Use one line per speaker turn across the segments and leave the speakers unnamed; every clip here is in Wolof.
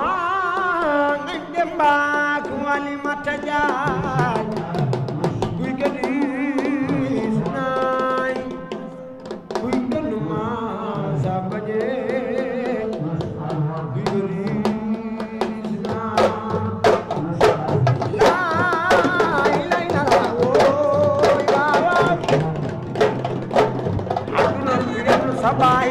aa ah, ngi dembaak wali mataja ตาย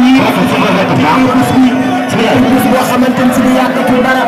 ñii dañoo gis nii dañoo gis boo xamante ni si biir yàggatul dara.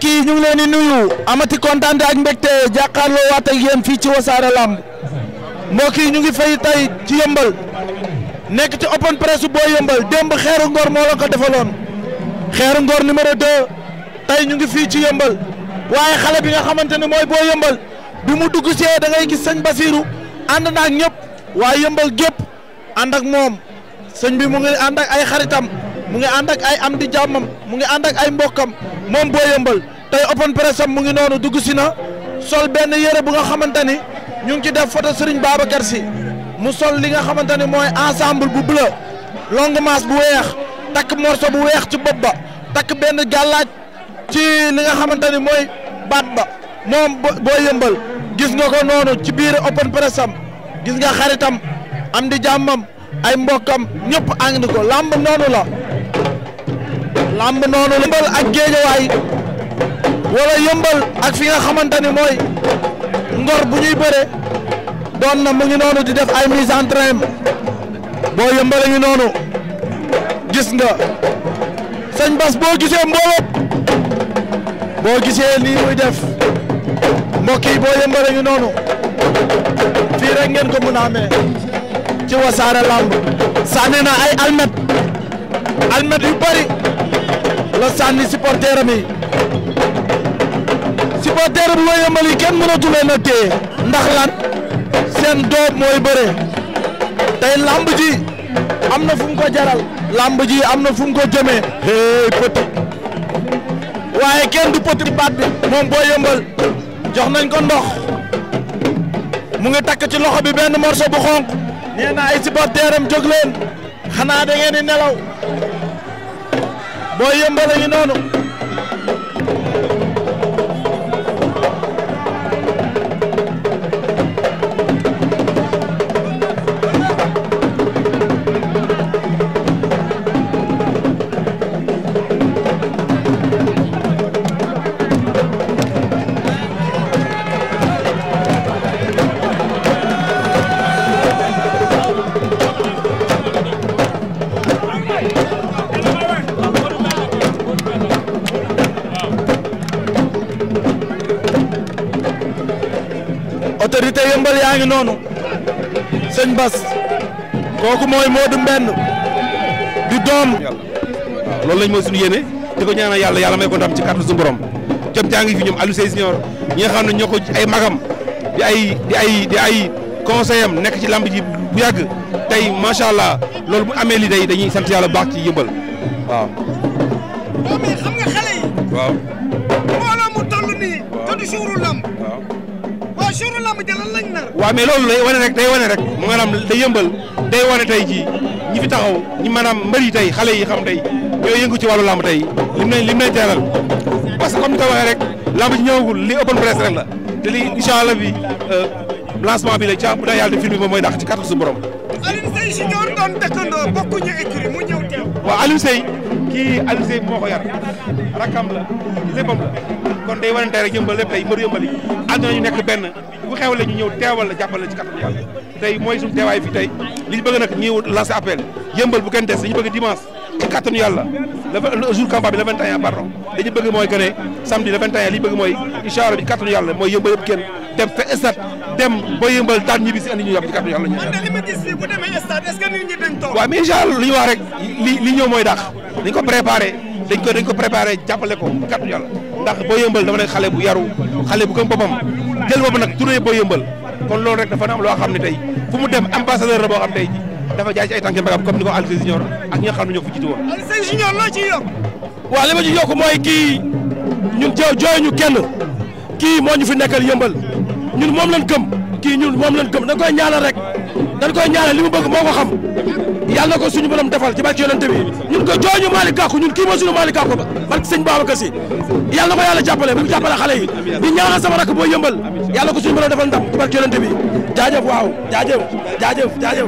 kii ñu ngi leen di nuyu amati kontaan ak mbégte jàkkaarloo waat ak fii ci wasaare lamb mbokk yi ñu ngi fay tay ci yëmbal nekk ci open press boo yëmbal démb xeeru ngor moo la ko defaloon xeeru ngor numéro 2 tay ñu ngi fii ci yëmbal waaye xale bi nga xamante ne mooy boo yëmbal bi mu dugg see da ngay gis sëñ Basiru ànd naak ñëpp waaye yëmbal gépp ànd ak moom sëñ bi mu ngi ànd ak ay xaritam mu ngi ànd ak ay am di jàmmam mu ngi ànd ak ay mbokkam moom Boy Yeumbeul tey open press mu ngi noonu dugg si na sol benn yére bu nga xamante ni ñu ngi ci def photo Serigne Babacar Sy mu sol li nga xamante ni mooy ensemble bu bleu longue manche bu weex takk morceau bu weex ci bopp ba takk benn gàllaaj ci li nga xamante ni mooy baat ba moom Boy Yeumbeul gis nga ko noonu ci biir open press am gis nga xaritam am di jàmmam ay mbokkam ñëpp ànd ko làmb noonu la lamb noonu yëmbal ak géejawaay wala yëmbal ak fi nga xamante ni mooy ngor bu ñuy bëre doon na mu ngi noonu di def ay mise en train boo yëmbale ngi noonu gis nga sëñ Bas boo gisee mbooloo boo gisee lii muy def mbokk yi boo yëmbale ngi noonu fii rek ci Wassare Lamb sànni na ay almet almet yu bari wala sànni supporter mi supporter bi mooy yëmbal yi kenn mënatu leen a téye ndax lan seen doob mooy bëre tey lamb ji am na fu mu ko jaral lamb ji am na fum ko jëmee hey petit waaye kenn du petit baat bi moom boo yëmbal jox nañ ko ndox mu ngi takk ci loxo bi benn morceau bu xonq nee na ay supporteram jóg xanaa da di nelaw Boy Yeumbeul a ngi noonu sëñ Bas kooku mooy Modou Mbenn di doom. waaw loolu
lañ mooy suñu yéene di ko ñaanal yàlla yàlla may ko ndam ci kàttan suñu borom jom jaa ngi fi ñoom Aliou Seye Senior xam ne ñoo ko ay magam di ay di ay di ay conseil am nekk ci làmp ji bu yàgg tey macha allah loolu mu amee li day dañuy sant yàlla bu baax ci yëmbal waaw.
doom yi xam nga xale yi. waaw. mbooloo mu toll nii. waaw suuru
lamb. jouru lamb ja loolu
la wane rek day wane rek mu maanaam day yëmbal day wane tey jii ñi taxaw ñi maanaam mbëri tey xale yi xam tey ñooy yëngu ci wàllu lamb tey lim nañ lim nañ teeral parce que comme ni ko waxee rek lamb ji ñëwagul li open press rek la te li incha allah bi euh, lancement bi la ca bu daa yàlla film mooy dax ci kàttan su borom. Alioune waaw Aliou Seye kii Aliou Seye moo ko yar rakkam la léppam la kon day wanante rek yëmbal lépp tey mbër yëmbal yi ànd nekk benn bu xew la ñu ñëw teewal la jàppal la ci kattan yàlla tey mooy suñu teewaay fii tey li ñu bëgg nag ñëw lancé yëmbal bu kenn des dañu bëgg dimanche ci kattanu yàlla le jour combat bi le 21 pardon dañu bëgg mooy que ne samedi le 21 li ñu mooy incha allah bi kattanu yàlla mooy yëmbal yëpp kenn dem fe stade dem ba yëmbal daan ñibbi si andi ñu yàpp ci kàddu yàlla ñu li ma li ko préparé dañ ko dañ ko ko kàddu yàlla boo yëmbal dama ne xale bu yaru xale bu gëm boppam jël kon loolu rek dafa na am ne tey fu mu dem ambassadeur la boo xam comme ni ko ko jiitu woon Alcé Junior ma ci
yokk mooy kii ñun jooy ñu kenn kii moo ñu fi nekkal yëmbal ñun moom lañ gëm kii ñun moom lañ gëm dañ koy ñaanal rek dañ koy ñaanal li mu bëgg moo ko xam yàlla na ko suñu borom defal ci barke yonent bi ñun ko jooñu Malick Gakou ñun kii mooy suñu Malick Gakou ba barke sëñ Babacar Si yàlla na ko yàlla jàppale bu jàppale xale yi di ñaanal sama rakk boo yëmbal yàlla ko suñu borom defal ndam ci barke yonent bi jaajëf waaw jaajëf jaajëf jaajëf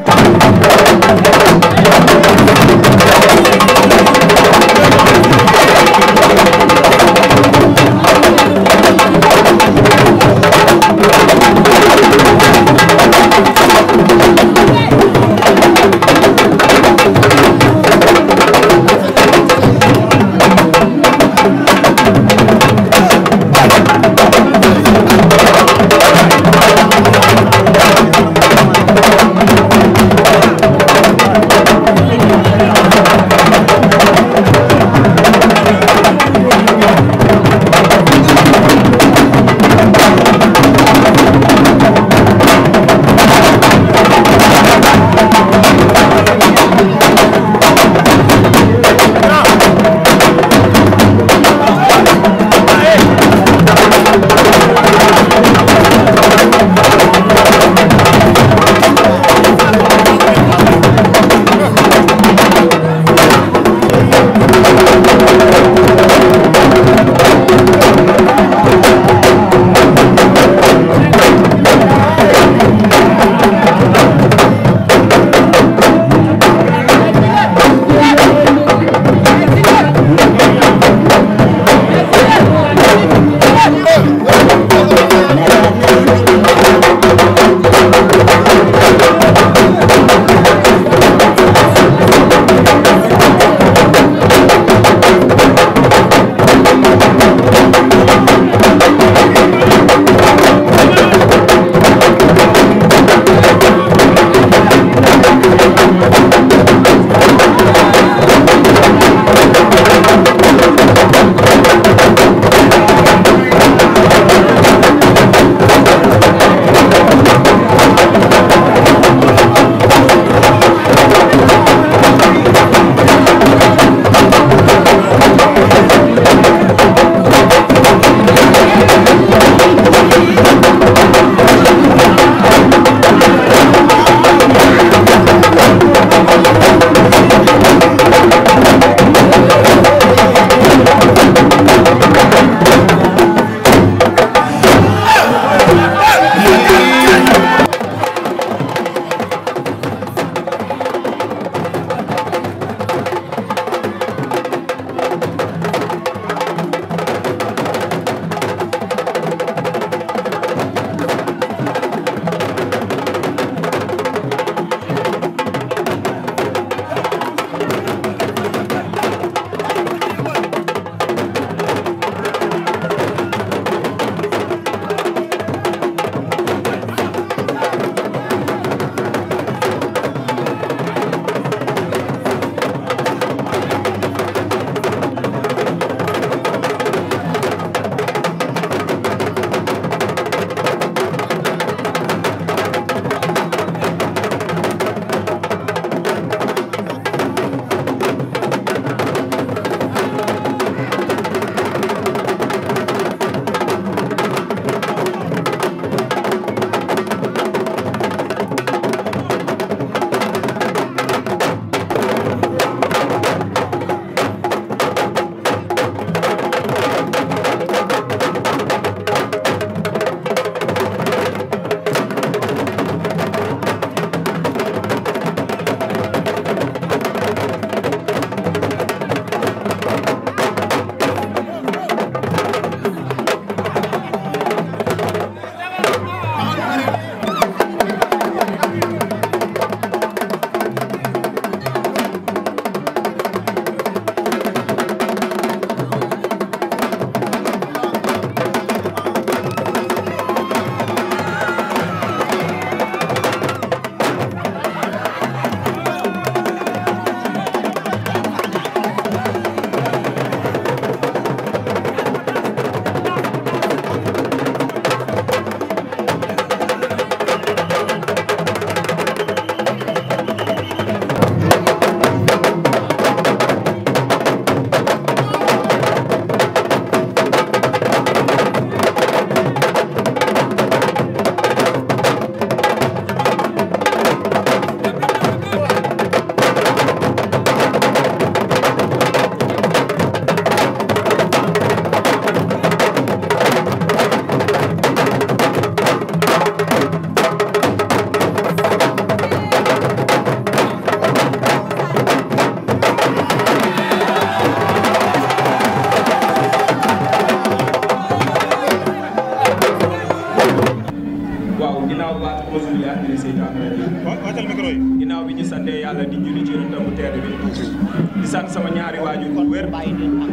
ginnaaw bi ñu santee yàlla di julli ci yonent bu tedd bi di sant sama ñaari waajur bu wér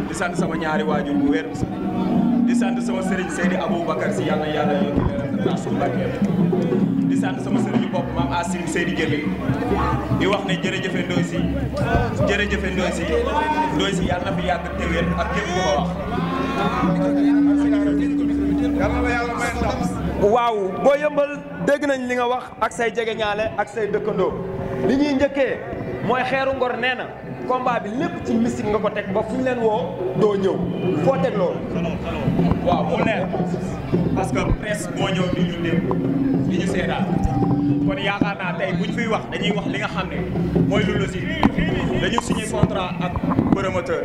di sant sama ñaari waajur bu wér si yàlla yàlla yokki leeram su barkeem di sant sama sëriñu bopp maam Asim Seydi Jëli di wax ne jërëjëfe Ndoye Sy jërëjëfe Ndoye Sy Ndoye Sy yàlla na fi yàgg
te waaw boo yëmbal dégg nañ li nga wax ak say ñaale ak say dëkkandoo li ñuy njëkkee mooy xeeru ngor nee na combat bi lépp ci mystique nga ko teg ba fu ñu leen woo doo ñëw foo teg parce que
presse moo ñëw di ñu dégg di ñu seetaan kon yaakaar naa tey buñ fiy wax dañuy wax li nga xam ne mooy lu logique dañu signé contrat ak promoteur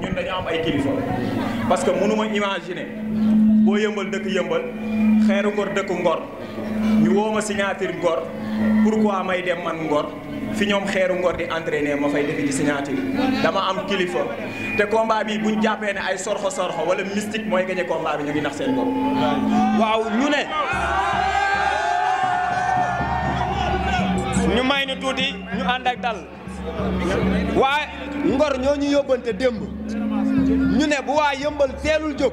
ñun dañu am ay kilifa parce que mënu ma imaginer boo yëmbal dëkk yëmbal xeeru ngor dëkk ngor. ñu woo ma signature Ngor pourquoi may dem man Ngor fi ñoom xeeru Ngor di entraîner ma fay defi ci signature dama am kilifa te combat bi buñ jàppee ne ay sorxo sorxo wala mystique mooy gagné combat bi ñu ngi nax seen
waaw ñu ne. ñu may ni tuuti ñu ànd ak dal waaye Ngor ñoo ñu yóbbante démb ñu ne bu waa yëmbal teelul jóg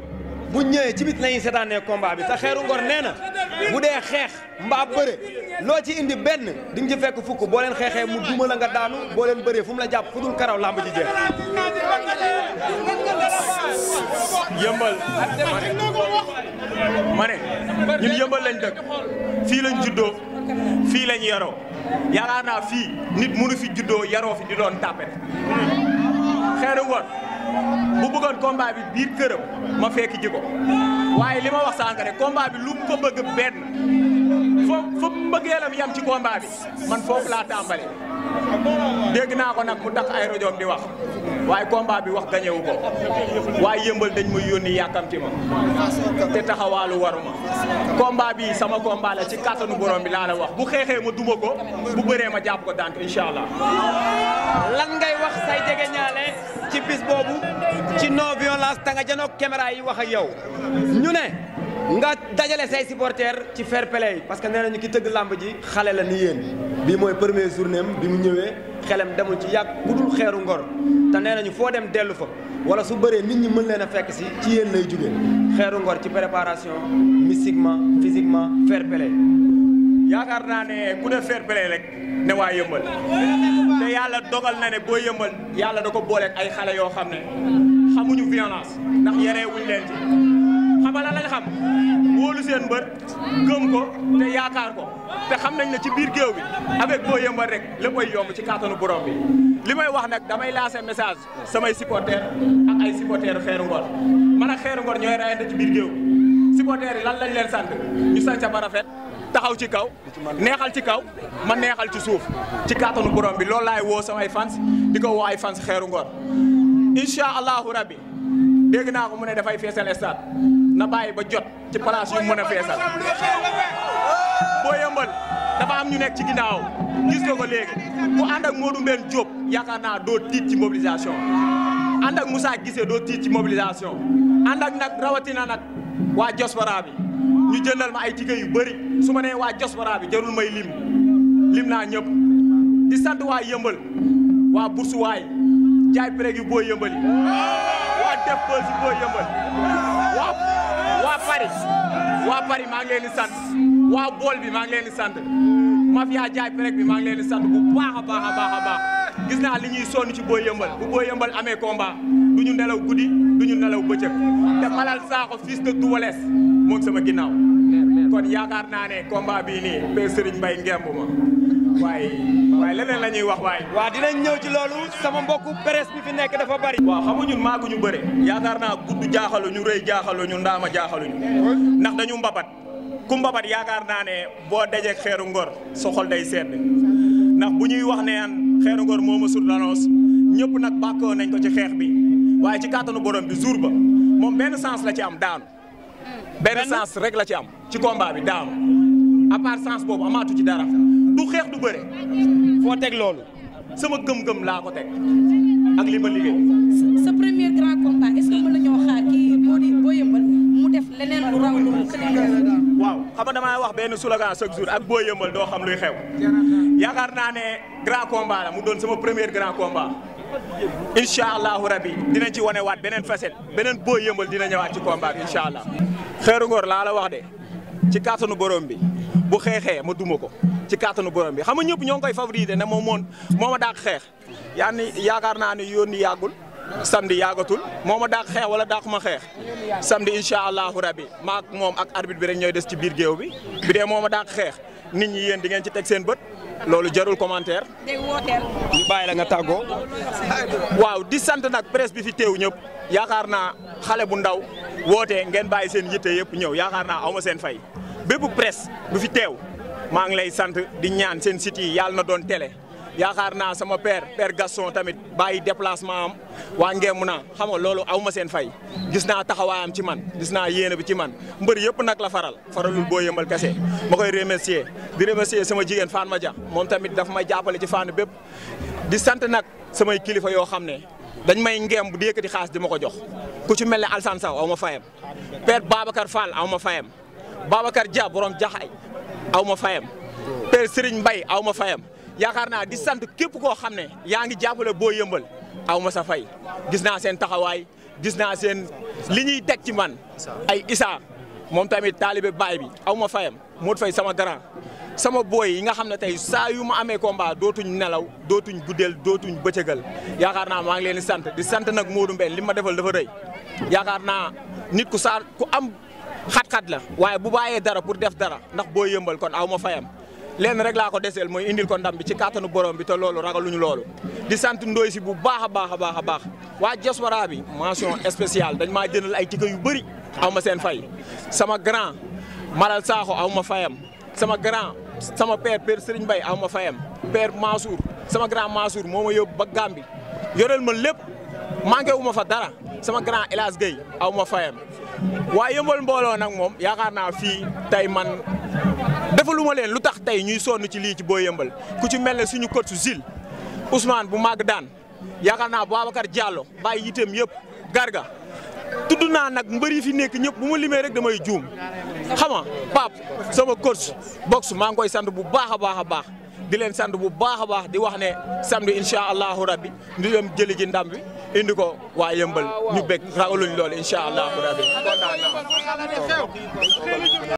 bu ñëwee ci bit nañu seetaanee combat bi te xeeru Ngor nee na. bu dee xeex mbaa bëre loo ci indi benn di nga ci fekk fukk boo leen xeexee mu duma la nga daanu boo leen bëree la jàpp fu dul karaw làmb ji jeex. yëmbal ma
ne ñun yëmbal lañ dëkk fii lañ juddoo fii lañ yaroo yaakaar naa fii nit mënu fi juddoo yaroo fi di doon tàppet xeeru woon bu bëggoon combat bi biir këram ma fekk ji waaye li ma wax sànq rek combat bi lu mu ko bëgg benn foofu foofu mbëggeelam yam ci combat man foofu laa tàmbale dégg naa ko na mu tax ay rajoom di wax waaye combat bi wax gañewu ko waaye yëmbal dañ ma muy yónni yàkkamti ma te taxawaalu waruma combat bi sama combat la ci kàttanu borom bi laa wax bu xeexee ma duma ko bu bëree
ma jàpp ko daan ko incha allah lan ngay wax say jege ci bis boobu ci non violence ta nga janook caméra yi wax ak yow ñu ne nga dajale say supporters ci fair play parce que nee nañu ki tëgg làmb ji xale la ni yéen bii mooy premier journée bi mu ñëwee xelem demul ci yàq ku dul xeeru ngor te nee nañu foo dem dellu fa wala su bëree nit ñi mën leen a fekk si ci yéen lay jóge xeeru ngor ci préparation mystiquement physiquement fair yaakaar naa ne ku def fair play rek ne waa yëmbal
te yàlla dogal na ne boo yëmbal yàlla da ko booleeg ay xale yoo xam ne xamuñu violence ndax yaree wuñ leen ci xamala lañ xam wóolu seen mbër gëm ko te yaakaar ko te xam nañ ne ci biir géew bi avec boo yëmbal rek léppay yomb ci kàttanu borom bi li may wax nag damay lancer message samay supporters ak ay supporters Xeeru Ngor man ak Xeeru Ngor ñooy rayante ci biir géew bi supporters lan lañ leen sant ñu sant ba rafet taxaw ci kaw neexal ci kaw ma neexal ci suuf ci kàttanu borom bi loolu laay woo samay fans di ko woo ay fans Xeeru Ngor incha allahu rabbi dégg naa ko mu ne dafay feesal stade na bàyyi ba jot ci place yu mën a feesal boo yëmbal dafa am ñu nekk ci ginnaaw gis nga ko léegi mu ànd ak Modou Mbène Diop yaakaar naa doo tiit ci mobilisation ànd ak Moussa Guissé doo tiit ci mobilisation ànd ak nag rawatina nag waa diaspora bi ñu jëndal ma ay tike yu bëri su ma nee waa diaspora bi jarul may lim lim naa ñëpp di sant waa yëmbal waa bursuwaay jaay préeg yu boo yëmbali waa def bës yu boo yëmbal waa waa Paris waa Paris sant waa bool bi maa ngi leen di sant mafia jaay préeg bi maa ngi leen sant bu baax a baax a baax gis naa li ñuy ci boo yëmbal bu boo yëmbal amee combat du ñu nelaw guddi du ñu nelaw bëccëg te Malal Sakho fils de Doubalès moom sama ginnaaw kon yaakaar naa ne combat bii nii pe Serigne Mbaye ngemb waaye waaye leneen la ñuy wax waaye waa dinañ ñëw ci loolu sama mbokku presse bi fi nekk dafa bari waaw xamu ñun maaguñu bëre yaakaar naa gudd jaaxaluñu rëy jaaxaluñu ndaama jaaxaluñu ndax dañu mbabat ku mbabat yaakaar naa ne boo dajek xeeru ngor soxol day sedd ndax bu ñuy wax ne an xeeru ngor moo ma sut lanoos ñëpp nag bàkkoo nañ ko ci xeex bi waaye ci kàttanu borom bi ba moom benn sens la ci am daanu benn sens rek la ci am ci combat bi daaw à part sens boobu amaatu ci dara du xeex du bëre. foo teg loolu. sama gëm-gëm laa ko teg ak li ma liggéey.
sa premier grand combat est-ce que mën nañoo xaar kii di boo yëmbal mu def leneen lu raw lu
waaw wax benn slogan ak boo yëmbal doo xam luy xew. yaakaar naa ne grand combat mu doon sama premier grand combat. incha allahu rabi dinañ ci wane waat beneen facette beneen boo yëmbal dina ñëwaat ci combat bi incha allah. xeeru ngor laa la wax de ci kàttanu borom bi bu xeexee ma duma ko ci kàttanu borom bi xam nga ñëpp ñoo ngi koy favoriser na moom moon moo ma daak xeex yaa yaakaar naa ne yoon ni yàggul samedi yaagatul moo ma daak xeex wala daak ma xeex samedi incha allahu rabi maak moom ak arbitre bi rek ñooy des ci biir géew bi bi dee moo ma daak xeex nit ñi yéen di ci teg seen bët loolu jarul commentaire.
ñu
bàyyi la nga tàggoo. waaw di sant nag presse bi fi teew ñëpp yaakaar naa xale bu ndaw woote ngeen bàyyi seen yitte yëpp ñëw yaakaar naa awma seen fay bépp presse bu fi teew maa ngi lay sant di ñaan seen site yi yàlla na doon tele yaakaar naa sama père père Gaston tamit bàyyi déplacement am waa ngeemu naa xam nga loolu aw ma seen fay gis naa taxawaayam ci man gis naa yéene bi ci man mbër yëpp nag la faral faral faralul boo yëmbal kase ma koy remercier di remercier sama jigéen ma Madia moom tamit dafa ma jàppale ci fànn bépp di sant nag samay kilifa yoo xam ne dañ may ngeem bu di yëkkati xaalis di ma ko jox ku ci mel ne Alsane Saw aw ma fayam père Babacar Fall aw ma fayam Babacar Dia borom jaxay aw ma fayam père Serigne aw ma fayam yaakaar naa di sant képp koo xam ne yaa ngi jàppale boo yëmbal aw ma sa fay gis naa seen taxawaay gis naa seen li ñuy teg ci man ay Issa moom tamit taalibe baay bi aw ma fayam moo fay sama grand sama booy yi nga xam ne tey saa yu ma amee combat dootuñ nelaw dootuñ guddeel dootuñ bëcëgël yaakaar naa maa ngi leen di sant di sant nag Modou Mbène li ma defal dafa rëy yaakaar naa nit ku saa ku am xat-xat la waaye bu bàyyee dara pour def dara ndax boo yëmbal kon aw ma fayam lenn rek laa ko deseel mooy indil ko ndam bi ci kàttanu borom bi ta loolu ragaluñu loolu di sant ndoy si bu baax a baax baax a baax waa diaspora bi mention spéciale dañ maa jëndal ay ticket yu bëri aw ma seen fay sama grand Malal Sakho aw ma fayam sama grand sama père père Serigne aw ma fayam père Mansour sama grand Mansour moo ma yóbbu ba Gambie yoreel ma lépp manqué wu ma fa dara sama grand El Hadj Gueye aw ma fayam waaye yëmbal mbooloo nag moom yaakaar naa fii tey ma defaluma leen lu tax tey ñuy sonn ci lii ci Boy Yeumbeul ku ci mel ne suñu coach Gilles Ousmane bu màgg daan yaakaar naa Babacar Diallo bàyyi yiteem yëpp garga tudd naa nag mbër yi fi nekk ñëpp bu ma limee rek damay juum xam nga sama coach box maa ngi koy sant bu baax a baax a baax di leen sant bu baax a baax di wax ne samedi incha allahu rabbi ñu dem jëli ji ndam bi indi ko waa Yeumbeul ñu bég ragaluñ lool incha allahu rabbi